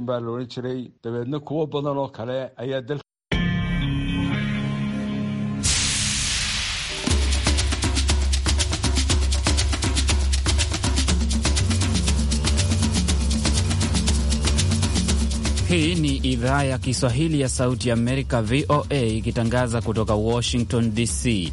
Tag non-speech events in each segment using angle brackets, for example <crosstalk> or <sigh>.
baa la laodhan jiray dabeedna kuwo badan oo kale ayaa dal Hii ni idhaa ya Kiswahili ya Sauti ya Amerika, VOA, ikitangaza kutoka Washington DC.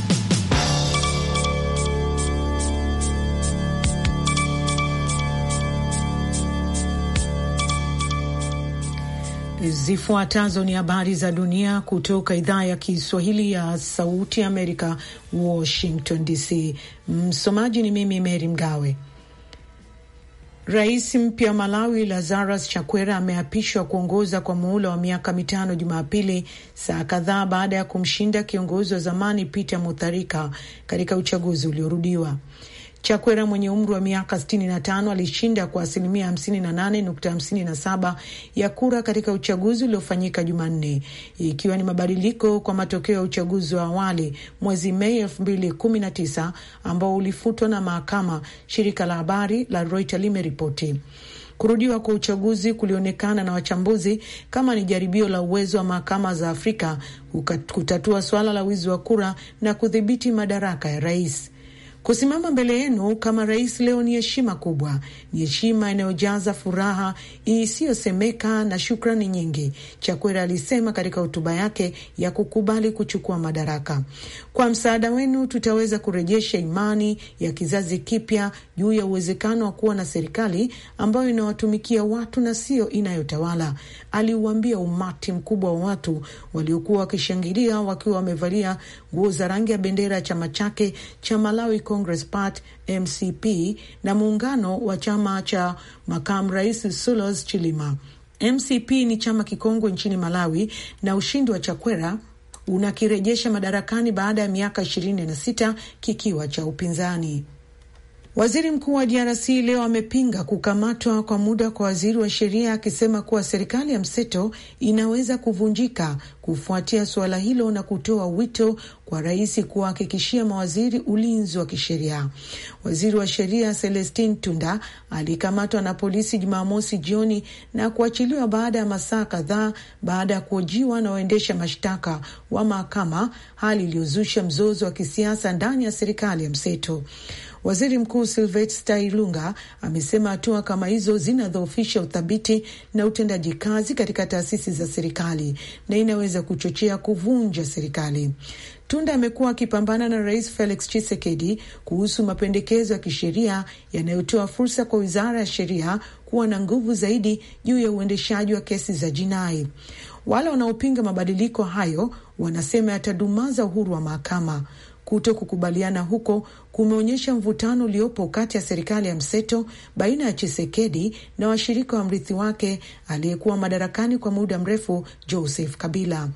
Zifuatazo ni habari za dunia kutoka idhaa ya Kiswahili ya Sauti Amerika, Washington DC. Msomaji ni mimi mery Mgawe. Rais mpya wa Malawi Lazarus Chakwera ameapishwa kuongoza kwa muhula wa miaka mitano Jumapili, saa kadhaa baada ya kumshinda kiongozi wa zamani Peter Mutharika katika uchaguzi uliorudiwa. Chakwera mwenye umri wa miaka 65 alishinda kwa asilimia 58.57 ya kura katika uchaguzi uliofanyika Jumanne, ikiwa ni mabadiliko kwa matokeo ya uchaguzi wa awali mwezi Mei 2019 ambao ulifutwa na mahakama, shirika la habari la Reuters limeripoti. Kurudiwa kwa uchaguzi kulionekana na wachambuzi kama ni jaribio la uwezo wa mahakama za Afrika kutatua suala la wizi wa kura na kudhibiti madaraka ya rais. Kusimama mbele yenu kama rais leo ni heshima kubwa, ni heshima inayojaza furaha isiyosemeka na shukrani nyingi, Chakwera alisema katika hotuba yake ya kukubali kuchukua madaraka. Kwa msaada wenu, tutaweza kurejesha imani ya kizazi kipya juu ya uwezekano wa kuwa na serikali ambayo inawatumikia watu na sio inayotawala, aliuambia umati mkubwa wa watu waliokuwa wakishangilia wakiwa wamevalia nguo za rangi ya bendera ya chama chake cha Malawi Congress Party MCP na muungano wa chama cha makamu rais Sulos Chilima. MCP ni chama kikongwe nchini Malawi na ushindi wa Chakwera unakirejesha madarakani baada ya miaka ishirini na sita kikiwa cha upinzani. Waziri mkuu wa DRC leo amepinga kukamatwa kwa muda kwa waziri wa sheria akisema kuwa serikali ya mseto inaweza kuvunjika kufuatia suala hilo na kutoa wito kwa rais kuwahakikishia mawaziri ulinzi wa kisheria. Waziri wa sheria Celestin Tunda alikamatwa na polisi Jumamosi jioni na kuachiliwa baada ya masaa kadhaa baada ya kuhojiwa na waendesha mashtaka wa mahakama, hali iliyozusha mzozo wa kisiasa ndani ya serikali ya mseto. Waziri Mkuu Silvesta Ilunga amesema hatua kama hizo zinadhoofisha uthabiti na utendaji kazi katika taasisi za serikali na inaweza kuchochea kuvunja serikali. Tunda amekuwa akipambana na Rais Felix Chisekedi kuhusu mapendekezo ya kisheria yanayotoa fursa kwa wizara ya sheria kuwa na nguvu zaidi juu ya uendeshaji wa kesi za jinai. Wale wanaopinga mabadiliko hayo wanasema yatadumaza uhuru wa mahakama. Kuto kukubaliana huko kumeonyesha mvutano uliopo kati ya serikali ya mseto baina ya Chisekedi na washirika wa mrithi wake aliyekuwa madarakani kwa muda mrefu Joseph Kabila.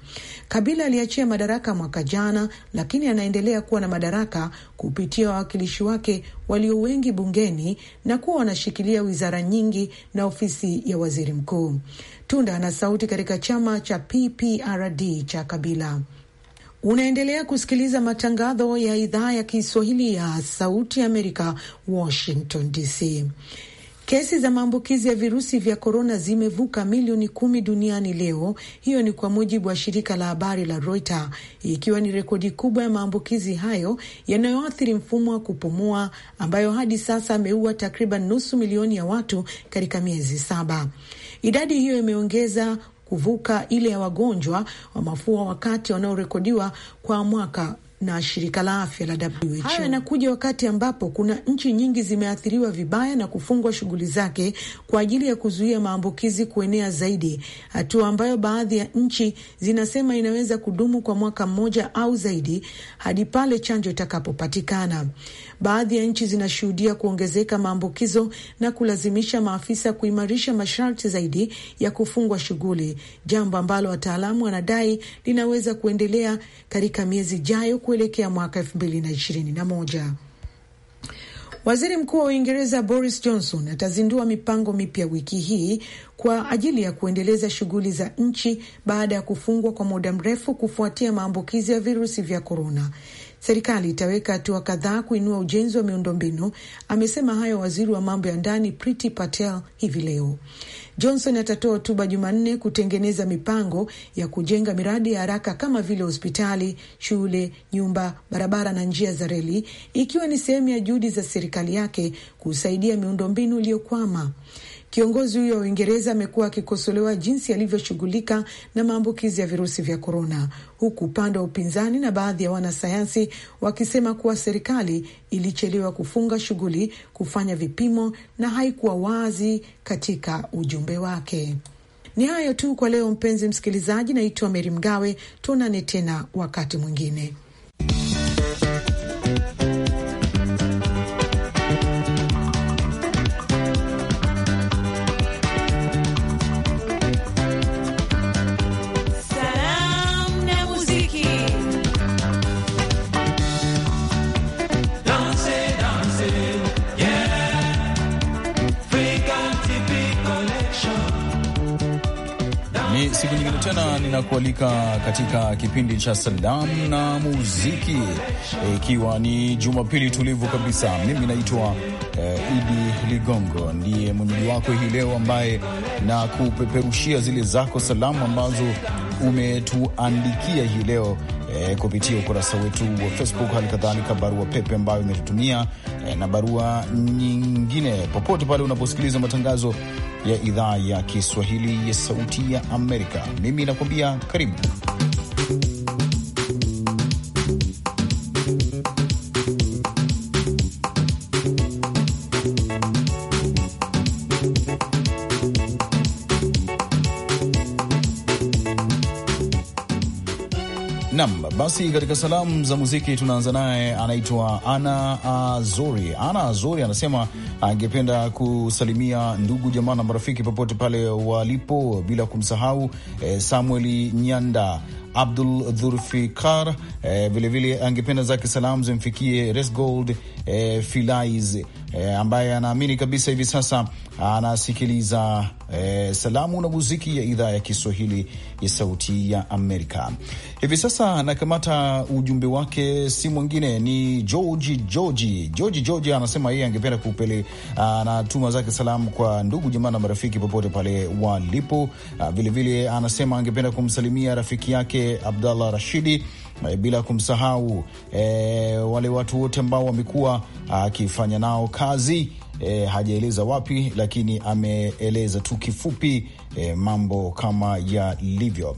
Kabila aliachia madaraka mwaka jana, lakini anaendelea kuwa na madaraka kupitia wawakilishi wake walio wengi bungeni na kuwa wanashikilia wizara nyingi na ofisi ya waziri mkuu. Tunda ana sauti katika chama cha PPRD cha Kabila. Unaendelea kusikiliza matangazo ya idhaa ya Kiswahili ya Sauti Amerika, Washington DC. Kesi za maambukizi ya virusi vya korona zimevuka milioni kumi duniani leo. Hiyo ni kwa mujibu wa shirika la habari la Reuters, ikiwa ni rekodi kubwa ya maambukizi hayo yanayoathiri mfumo wa kupumua, ambayo hadi sasa ameua takriban nusu milioni ya watu katika miezi saba. Idadi hiyo imeongeza kuvuka ile ya wagonjwa wa mafua wakati wanaorekodiwa kwa mwaka na shirika la afya la WHO. Hayo yanakuja wakati ambapo kuna nchi nyingi zimeathiriwa vibaya na kufungwa shughuli zake kwa ajili ya kuzuia maambukizi kuenea zaidi, hatua ambayo baadhi ya nchi zinasema inaweza kudumu kwa mwaka mmoja au zaidi hadi pale chanjo itakapopatikana baadhi ya nchi zinashuhudia kuongezeka maambukizo na kulazimisha maafisa kuimarisha masharti zaidi ya kufungwa shughuli, jambo ambalo wataalamu wanadai linaweza kuendelea katika miezi ijayo kuelekea mwaka elfu mbili na ishirini na moja. Waziri Mkuu wa Uingereza Boris Johnson atazindua mipango mipya wiki hii kwa ajili ya kuendeleza shughuli za nchi baada ya kufungwa kwa muda mrefu kufuatia maambukizi ya virusi vya korona serikali itaweka hatua kadhaa kuinua ujenzi wa miundombinu. Amesema hayo waziri wa mambo ya ndani Priti Patel hivi leo. Johnson atatoa hotuba Jumanne kutengeneza mipango ya kujenga miradi ya haraka kama vile hospitali, shule, nyumba, barabara na njia za reli, ikiwa ni sehemu ya juhudi za serikali yake kusaidia miundombinu iliyokwama. Kiongozi huyo wa Uingereza amekuwa akikosolewa jinsi alivyoshughulika na maambukizi ya virusi vya korona, huku upande wa upinzani na baadhi ya wanasayansi wakisema kuwa serikali ilichelewa kufunga shughuli, kufanya vipimo na haikuwa wazi katika ujumbe wake. Ni hayo tu kwa leo, mpenzi msikilizaji. Naitwa Meri Mgawe, tuonane tena wakati mwingine. kukualika katika kipindi cha salamu na muziki, ikiwa e, ni Jumapili tulivu kabisa. Mimi naitwa e, Idi Ligongo, ndiye mwenyeji wako hii leo, ambaye na kupeperushia zile zako salamu ambazo umetuandikia hii leo e, kupitia ukurasa wetu wa Facebook, hali kadhalika barua pepe ambayo imetutumia e, na barua nyingine. Popote pale unaposikiliza matangazo ya idhaa ya Kiswahili ya Sauti ya Amerika. Mimi nakuambia karibu Nam, basi katika salamu za muziki tunaanza naye, anaitwa Ana Azori. Ana Azori anasema angependa kusalimia ndugu jamaa na marafiki popote pale walipo, bila kumsahau eh, Samueli Nyanda Abdul Dhurfikar. Vilevile eh, angependa zake salamu zimfikie Resgold e, Filais e, ambaye anaamini kabisa hivi sasa anasikiliza e, salamu na muziki ya idhaa ya Kiswahili ya Sauti ya Amerika. Hivi sasa nakamata ujumbe wake, si mwingine ni Georgi Georgi Georgi Georgi, anasema yeye angependa kupele anatuma zake salamu kwa ndugu jamaa na marafiki popote pale walipo. Vilevile anasema angependa kumsalimia rafiki yake Abdallah Rashidi Eh, bila kumsahau e, wale watu wote ambao wamekuwa ah, akifanya nao kazi e, hajaeleza wapi, lakini ameeleza tu kifupi e, mambo kama yalivyo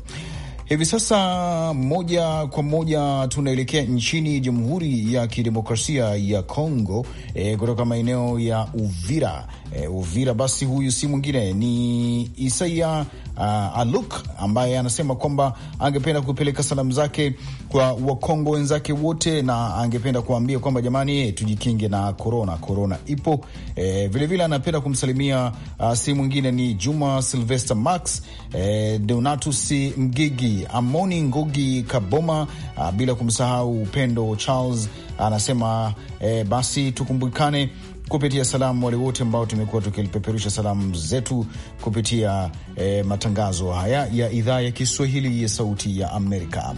hivi sasa. Moja kwa moja tunaelekea nchini Jamhuri ya Kidemokrasia ya Kongo e, kutoka maeneo ya Uvira e, Uvira. Basi huyu si mwingine ni Isaia uh, Aluk ambaye anasema kwamba angependa kupeleka salamu zake kwa Wakongo wenzake wote, na angependa kuambia kwamba jamani, tujikinge na korona, korona ipo eh, vilevile. anapenda kumsalimia uh, si mwingine ni Juma Silvester Max, e, Donatus Mgigi, Amoni Ngugi Kaboma, uh, bila kumsahau Upendo Charles anasema eh, basi tukumbukane kupitia salamu wale wote ambao tumekuwa tukipeperusha salamu zetu kupitia eh, matangazo haya ya idhaa ya Kiswahili ya Sauti ya Amerika.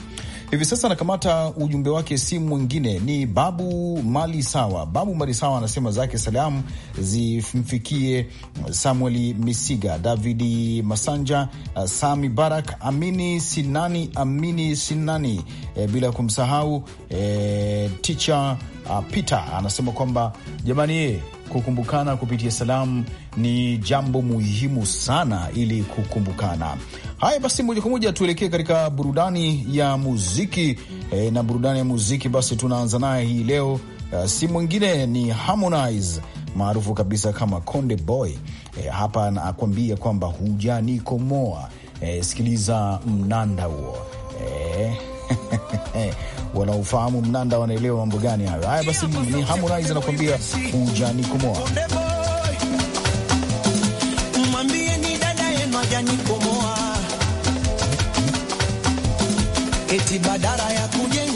Hivi sasa anakamata ujumbe wake, si mwingine ni Babu mali sawa Babu mali sawa anasema zake salamu zimfikie samuel Misiga, Davidi Masanja, uh, Sami Barak, Amini Sinani, Amini Sinani, e, bila kumsahau e, eh, ticha uh, Peter anasema kwamba jamani, eh, kukumbukana kupitia salamu ni jambo muhimu sana ili kukumbukana. Haya basi, moja kwa moja tuelekee katika burudani ya muziki e, na burudani ya muziki basi tunaanza naye hii leo e, si mwingine ni Harmonize maarufu kabisa kama Konde Boy. E, hapa anakuambia kwamba hujanikomoa. E, sikiliza mnanda huo e. <laughs> wanaofahamu mnanda wanaelewa mambo gani hayo. Haya basi, ni Harmonize anakuambia ujani kumoa eti badara ya kujenga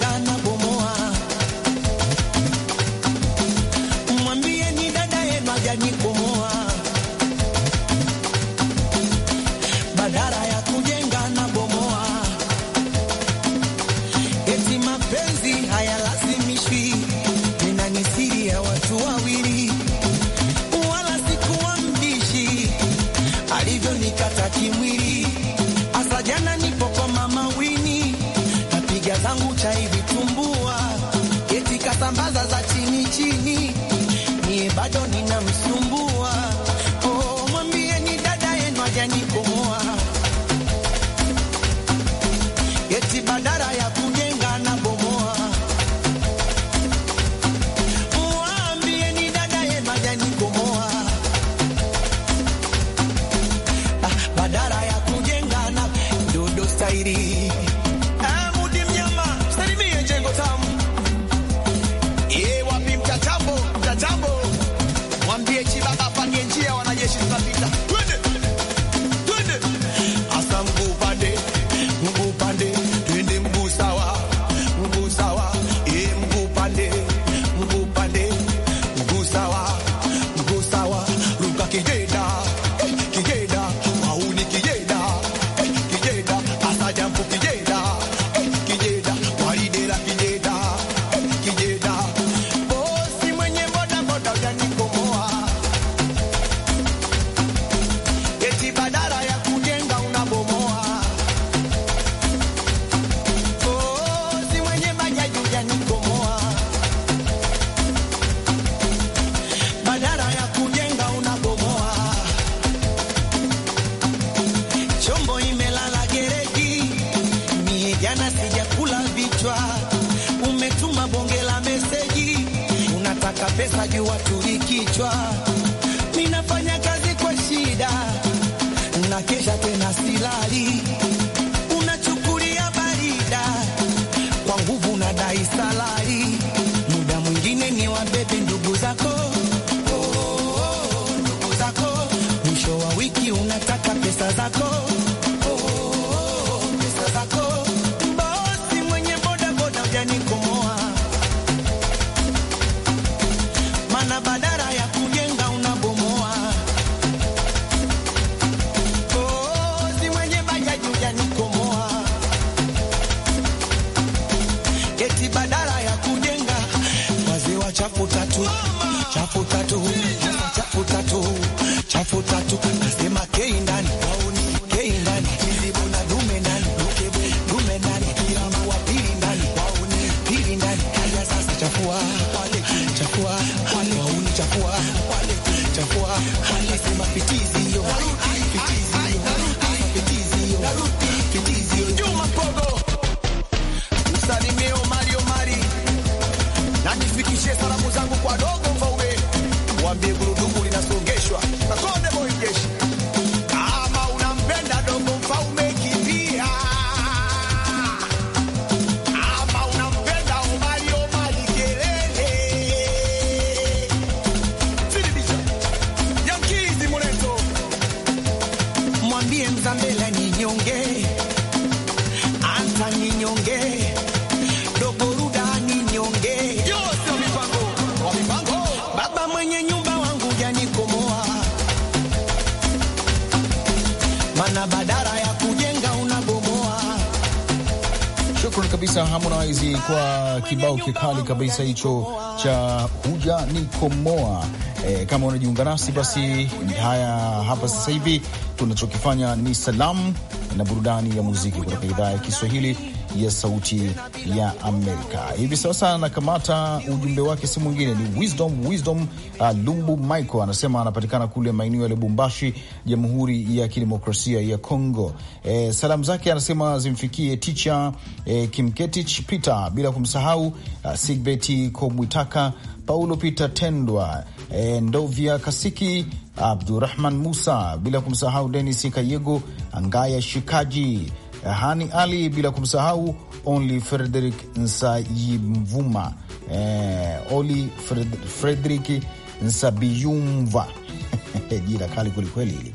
kabisa Harmonize kwa kibao kikali kabisa hicho cha huja ni komoa. E, kama unajiunga nasi basi, haya hapa sasa hivi tunachokifanya ni salamu na burudani ya muziki kutoka idhaa ya Kiswahili ya Sauti ya Amerika. Hivi sasa anakamata ujumbe wake, si mwingine ni Wisdom Wisdom uh, Lumbu Michael anasema anapatikana kule maeneo ya Lubumbashi, Jamhuri ya Kidemokrasia ya Kongo. E, salamu zake anasema zimfikie ticha e, Kimketich Peter, bila kumsahau uh, Sigbeti Komwitaka, Paulo Peter Tendwa, e, Ndovya Kasiki, Abdurahman Musa, bila kumsahau Denis Kayego Angaya Shikaji Hani Ali, bila kumsahau Only Frederick Nsayimvuma, eh, Oli Frederick Nsabiyumva <laughs> jina kali kwelikweli hili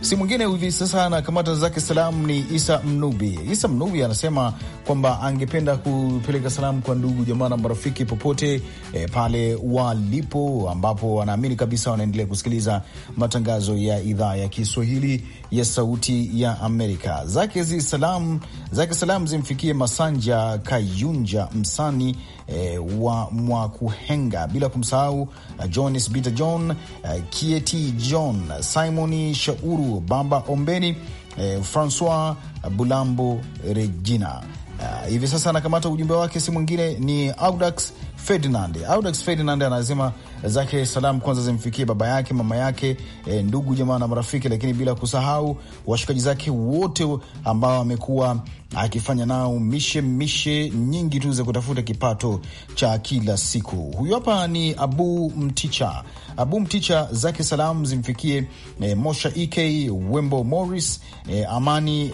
si mwingine hivi sasa na kamata zake salamu ni Isa Mnubi. Isa Mnubi anasema kwamba angependa kupeleka salamu kwa ndugu jamaa na marafiki popote e, pale walipo, ambapo anaamini kabisa wanaendelea kusikiliza matangazo ya idhaa ya Kiswahili ya Sauti ya Amerika. Zake salam zake salam zimfikie Masanja Kayunja Msani e, eh, wa Mwakuhenga, bila kumsahau eh, Jonis Bita John eh, Kieti John Simoni Shauru Baba Ombeni e, Francois Bulambo Regina. Uh, hivi sasa anakamata ujumbe wake, si mwingine ni Audax Ferdinand. Audax Ferdinand anasema zake salamu kwanza zimfikie baba yake, mama yake, e, ndugu jamaa na marafiki, lakini bila kusahau washikaji zake wote ambao amekuwa akifanya nao mishe mishe nyingi tu za kutafuta kipato cha kila siku. Huyu hapa ni Abu Mticha. Abu Mticha zake salamu zimfikie e, Mosha Ek Wembo Morris, e, Amani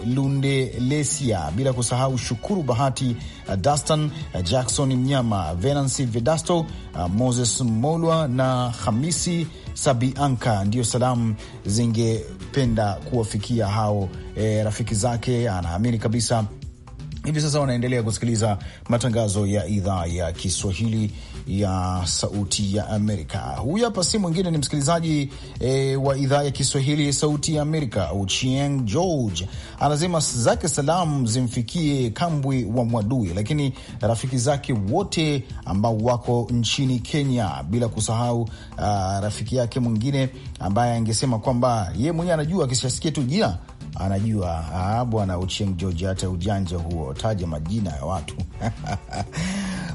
Lesia, bila kusahau Shukuru Bahati, Dastan Jackson Mnyama, Venancy Vedasto, Moses Molwa na Hamisi Sabianka, ndio salamu zingependa kuwafikia hao e, rafiki zake. Anaamini kabisa hivi sasa wanaendelea kusikiliza matangazo ya idhaa ya Kiswahili ya Sauti ya Amerika. Huyu hapa si mwingine ni msikilizaji e, wa idhaa ya Kiswahili ya Sauti ya Amerika. Uchieng George anasema zake salamu zimfikie Kambwi wa Mwadui, lakini rafiki zake wote ambao wako nchini Kenya, bila kusahau uh, rafiki yake mwingine ambaye angesema kwamba ye mwenyewe anajua akishasikia tu jina anajua. Bwana Uchieng George, hata ujanja huo, taja majina ya watu <laughs>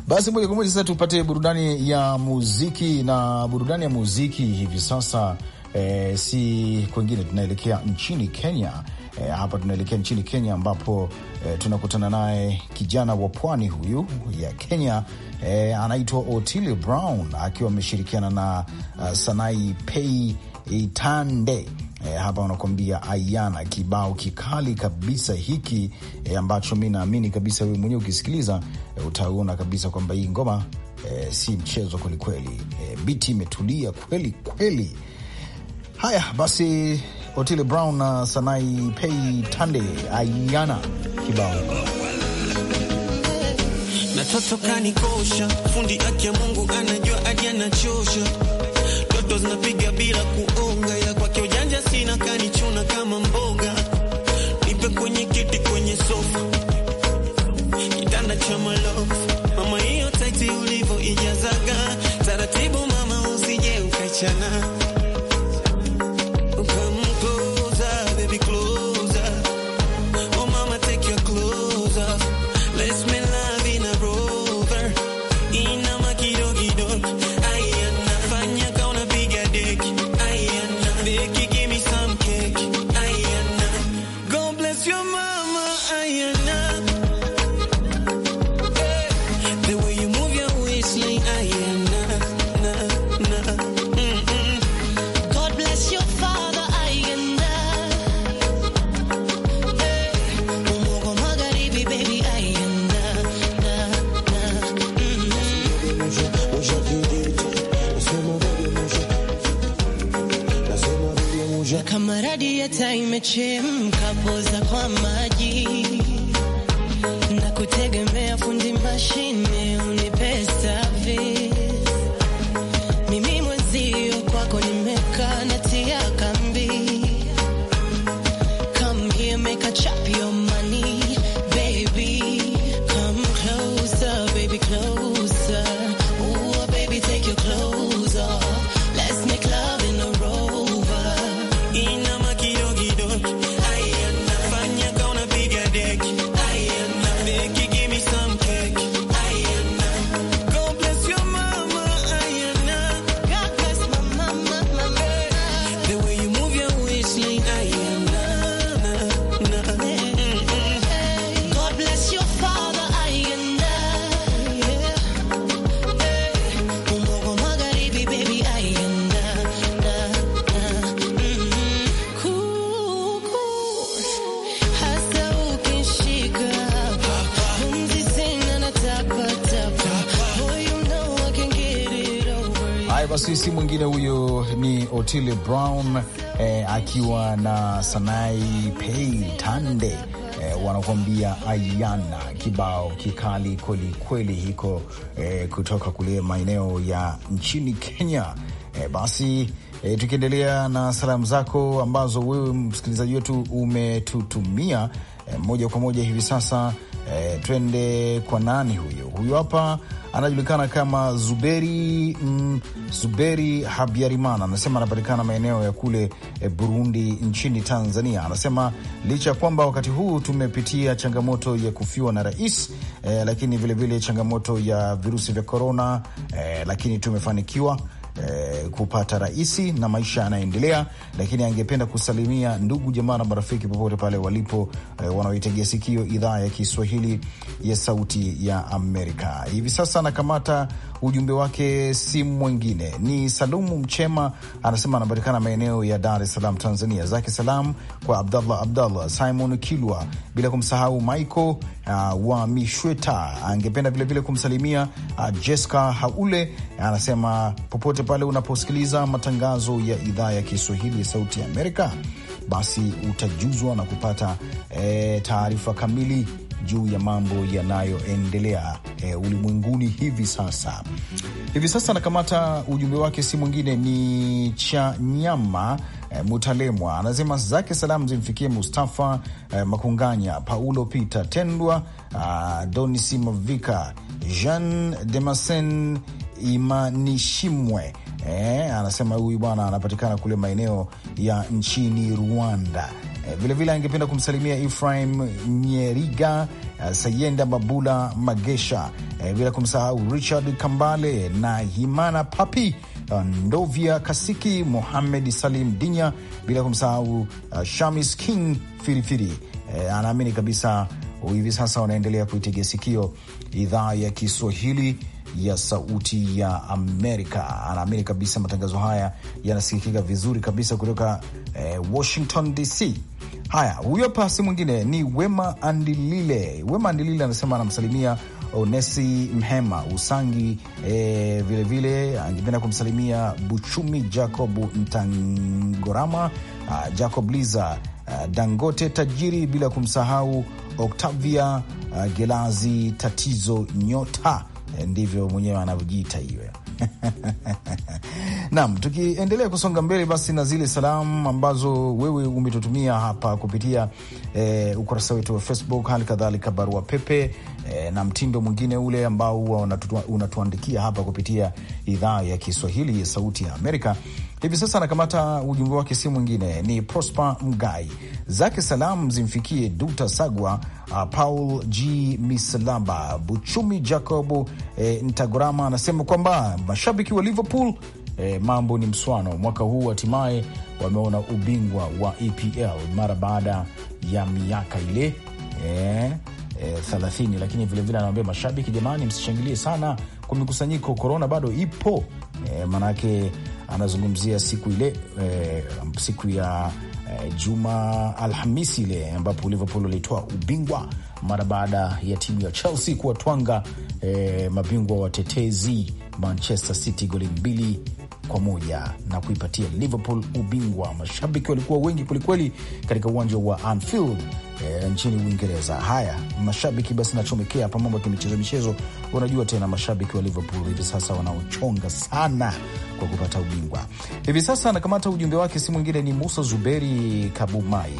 Basi moja kwa moja sasa tupate burudani ya muziki, na burudani ya muziki hivi sasa e, si kwengine, tunaelekea nchini Kenya. E, hapa tunaelekea nchini Kenya ambapo e, tunakutana naye kijana wa pwani huyu ya Kenya e, anaitwa Otile Brown akiwa ameshirikiana na uh, Sanai Pei Itande E, hapa wanakuambia ayana kibao kikali kabisa hiki e, ambacho mi naamini kabisa wewe mwenyewe ukisikiliza e, utaona kabisa kwamba hii ngoma e, si mchezo kwelikweli. E, biti imetulia kweli kweli. Haya basi, Otile Brown na Sanai Pei Tande, ayana kibao natoto kanikosha fundi akia Mungu anajua aja nachosha toto zinapiga bila kuonga ya kwa sina kanichuna kama mboga, nipe kwenye kiti kwenye sofa, kitanda cha malofu mama, hiyo taiti ijazaga taratibu mama, usije ukachana Otile Brown eh, akiwa na Sanai Pei Tande eh, wanakuambia ayana kibao kikali kweli kweli hiko eh, kutoka kule maeneo ya nchini Kenya. Eh, basi E, tukiendelea na salamu zako ambazo wewe msikilizaji wetu umetutumia e, moja kwa moja hivi sasa e, twende kwa nani huyo? Huyo hapa anajulikana kama Zuberi mm, Zuberi Habyarimana anasema anapatikana maeneo ya kule e, Burundi nchini Tanzania. Anasema licha ya kwamba wakati huu tumepitia changamoto ya kufiwa na rais e, lakini vilevile vile changamoto ya virusi vya korona e, eh, lakini tumefanikiwa eh, kupata raisi na maisha yanaendelea, lakini angependa kusalimia ndugu jamaa na marafiki popote pale walipo, eh, wanaoitegea sikio idhaa ya Kiswahili ya Sauti ya Amerika. Hivi sasa anakamata ujumbe wake si mwingine ni Salumu Mchema, anasema anapatikana maeneo ya Dar es Salaam, Tanzania. Zake salam kwa Abdallah Abdallah, Simon Kilwa, bila kumsahau Michael uh, wa Mishweta. Angependa vilevile kumsalimia uh, Jeska Haule, anasema popote pale unaposikiliza matangazo ya idhaa ya Kiswahili ya Sauti ya Amerika, basi utajuzwa na kupata eh, taarifa kamili juu ya mambo yanayoendelea e, ulimwenguni hivi sasa. Hivi sasa anakamata ujumbe wake, si mwingine ni cha nyama e, eh, Mutalemwa anasema zake salamu zimfikie Mustafa e, Makunganya, Paulo Peter Tendwa, ah, Donisi Mavika, Jean Demasen Imanishimwe. E, anasema huyu bwana anapatikana kule maeneo ya nchini Rwanda. Vilevile eh, angependa kumsalimia Efraim Nyeriga, eh, Sayenda Mabula Magesha, eh, bila kumsahau Richard Kambale na Himana Papi Ndovya Kasiki, muhamed Salim Dinya, bila kumsahau Shamis King Firifiri. Anaamini kabisa hivi sasa wanaendelea kuitegea sikio idhaa ya Kiswahili ya Sauti ya Amerika. Anaamini kabisa matangazo haya yanasikika vizuri kabisa kutoka eh, Washington DC. Haya, huyo hapa si mwingine ni Wema Andilile. Wema Andilile anasema anamsalimia Onesi Mhema Usangi, eh, vilevile angependa kumsalimia Buchumi Jacob ntangorama uh, Jacob Liza, uh, Dangote Tajiri, bila kumsahau Octavia uh, Gelazi Tatizo Nyota Eh, ndivyo mwenyewe anavyojiita hiyo. <laughs> Naam, tukiendelea kusonga mbele basi na zile salamu ambazo wewe umetutumia hapa kupitia e, ukurasa wetu wa Facebook, hali kadhalika barua pepe e, na mtindo mwingine ule ambao huwa unatuandikia hapa kupitia idhaa ya Kiswahili ya Sauti ya Amerika Hivi sasa anakamata ujumbe wake, si mwingine ni Prosper Mgai. Zake salam zimfikie Duta Sagwa, uh, Paul G Misalamba, Buchumi jacob eh, Ntagorama. Anasema kwamba mashabiki wa Liverpool E, mambo ni mswano, mwaka huu hatimaye wameona ubingwa wa EPL mara baada ya miaka ile e, E, 30 lakini vilevile anawambia mashabiki, jamani, msishangilie sana kwa mikusanyiko, korona bado ipo. E, eh, manake anazungumzia siku ile e, siku ya e, juma Alhamisi ile ambapo Liverpool walitoa ubingwa mara baada ya timu ya Chelsea kuwatwanga e, eh, mabingwa watetezi Manchester City goli mbili kwa moja na kuipatia Liverpool ubingwa. Mashabiki walikuwa wengi kwelikweli katika uwanja wa Anfield e, nchini Uingereza. Haya, mashabiki basi nachomekea hapa mambo ya kimichezo michezo. Unajua tena mashabiki wa Liverpool hivi sasa wanaochonga sana kwa kupata ubingwa hivi sasa. Anakamata ujumbe wake si mwingine ni Musa Zuberi Kabumai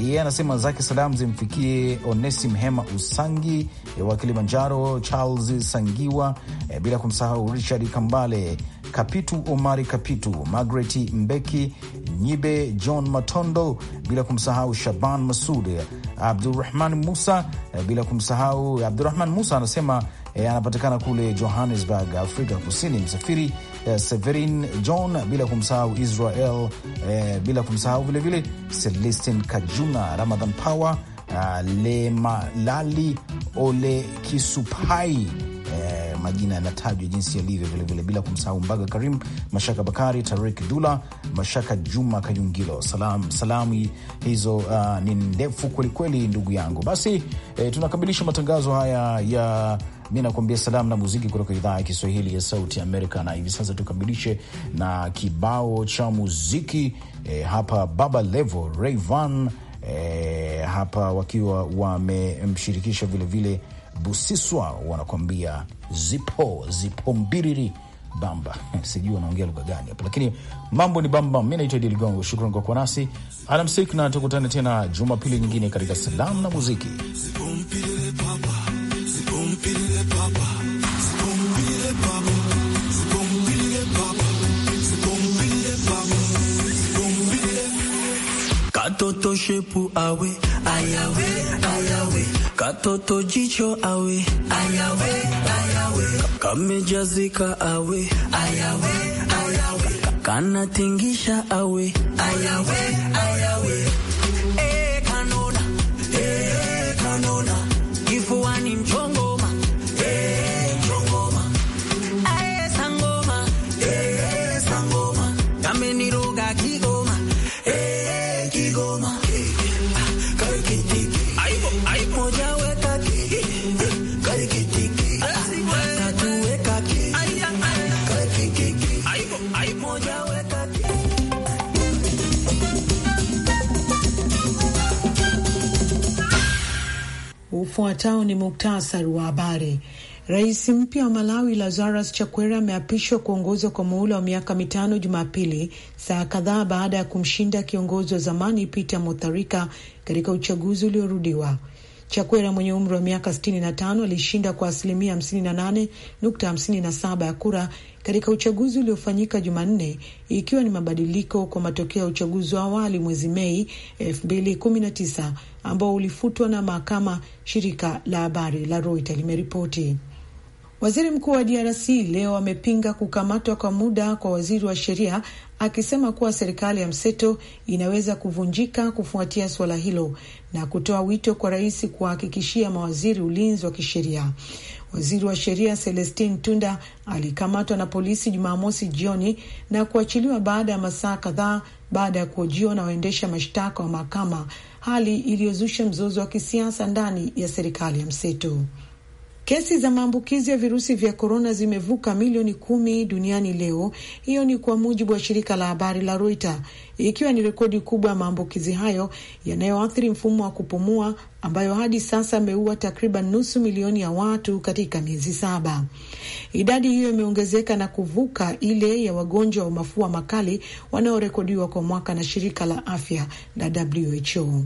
e, yeye anasema zake salamu zimfikie Onesi Mhema Usangi e, wa Kilimanjaro, Charles Sangiwa, e, bila kumsahau Richard Kambale Kapitu, Omari Kapitu, magret Mbeki, Nyibe John Matondo, bila kumsahau Shaban Masud, Abdurahman Musa, bila kumsahau Abdurahman Musa anasema E, anapatikana kule Johannesburg, Afrika Kusini. Msafiri e, Severin John, bila kumsahau Israel e, bila kumsahau vilevile Celestin Kajuna, Ramadan Power, Lemalali Ole Kisupai majina yanatajwa jinsi yalivyo, vilevile bila kumsahau Mbaga Karim, Mashaka Bakari, Tarik Dula, Mashaka Juma Kajungilo. Salam, salamu hizo uh, ni ndefu kwelikweli, ndugu yangu. Basi eh, tunakamilisha matangazo haya ya mi nakuambia salamu na muziki kutoka idhaa ya Kiswahili ya Sauti Amerika, na hivi sasa tukamilishe na kibao cha muziki eh, hapa Baba Levo Rayvan eh, hapa wakiwa wamemshirikisha vilevile Busiswa wanakuambia zipo zipo mbiriri bamba. <laughs> Sijui wanaongea lugha gani hapo, lakini mambo ni bamba. Mi naitwa Idi Ligongo, shukran kwa kuwa nasi alamsik, na tukutane tena Jumapili nyingine katika salamu na muziki. Zipo baba, zipo baba. katoto shepu awe ayawe ayawe katoto jicho awe ayawe ayawe kamejazika awe ayawe ayawe kanatingisha awe ayawe ayawe Ufuatao ni muktasari wa habari. Rais mpya wa Malawi Lazarus Chakwera ameapishwa kuongoza kwa muhula wa miaka mitano Jumapili, saa kadhaa baada ya kumshinda kiongozi wa zamani Peter Mutharika katika uchaguzi uliorudiwa. Chakwera mwenye umri wa miaka 65 alishinda kwa asilimia 58.57 ya kura katika uchaguzi uliofanyika Jumanne, ikiwa ni mabadiliko kwa matokeo ya uchaguzi wa awali mwezi Mei 2019 ambao ulifutwa na mahakama, shirika la habari la Reuters limeripoti. Waziri mkuu wa DRC leo amepinga kukamatwa kwa muda kwa waziri wa sheria akisema kuwa serikali ya mseto inaweza kuvunjika kufuatia suala hilo na kutoa wito kwa rais kuwahakikishia mawaziri ulinzi wa kisheria. Waziri wa sheria Celestin Tunda alikamatwa na polisi Jumamosi jioni na kuachiliwa baada ya masaa kadhaa baada ya kuhojiwa na waendesha mashtaka wa mahakama, hali iliyozusha mzozo wa kisiasa ndani ya serikali ya mseto. Kesi za maambukizi ya virusi vya korona zimevuka milioni kumi duniani leo. Hiyo ni kwa mujibu wa shirika la habari la Reuters, ikiwa ni rekodi kubwa ya maambukizi hayo yanayoathiri mfumo wa kupumua, ambayo hadi sasa ameua takriban nusu milioni ya watu katika miezi saba. Idadi hiyo imeongezeka na kuvuka ile ya wagonjwa wa mafua makali wanaorekodiwa kwa mwaka na shirika la afya la WHO.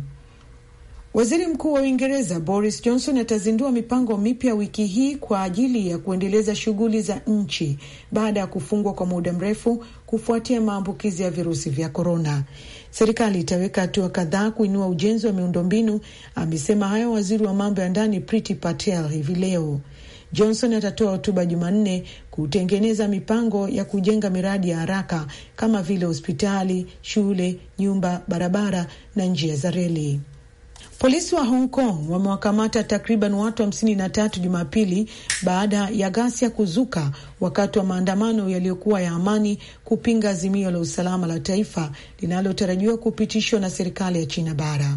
Waziri Mkuu wa Uingereza Boris Johnson atazindua mipango mipya wiki hii kwa ajili ya kuendeleza shughuli za nchi baada ya kufungwa kwa muda mrefu kufuatia maambukizi ya virusi vya korona. Serikali itaweka hatua kadhaa kuinua ujenzi wa miundombinu. Amesema hayo waziri wa mambo ya ndani Priti Patel hivi leo. Johnson atatoa hotuba Jumanne kutengeneza mipango ya kujenga miradi ya haraka kama vile hospitali, shule, nyumba, barabara na njia za reli. Polisi wa Hong Kong wamewakamata takriban watu hamsini na tatu Jumapili baada ya ghasia kuzuka wakati wa maandamano yaliyokuwa ya amani kupinga azimio la usalama la taifa linalotarajiwa kupitishwa na serikali ya China bara.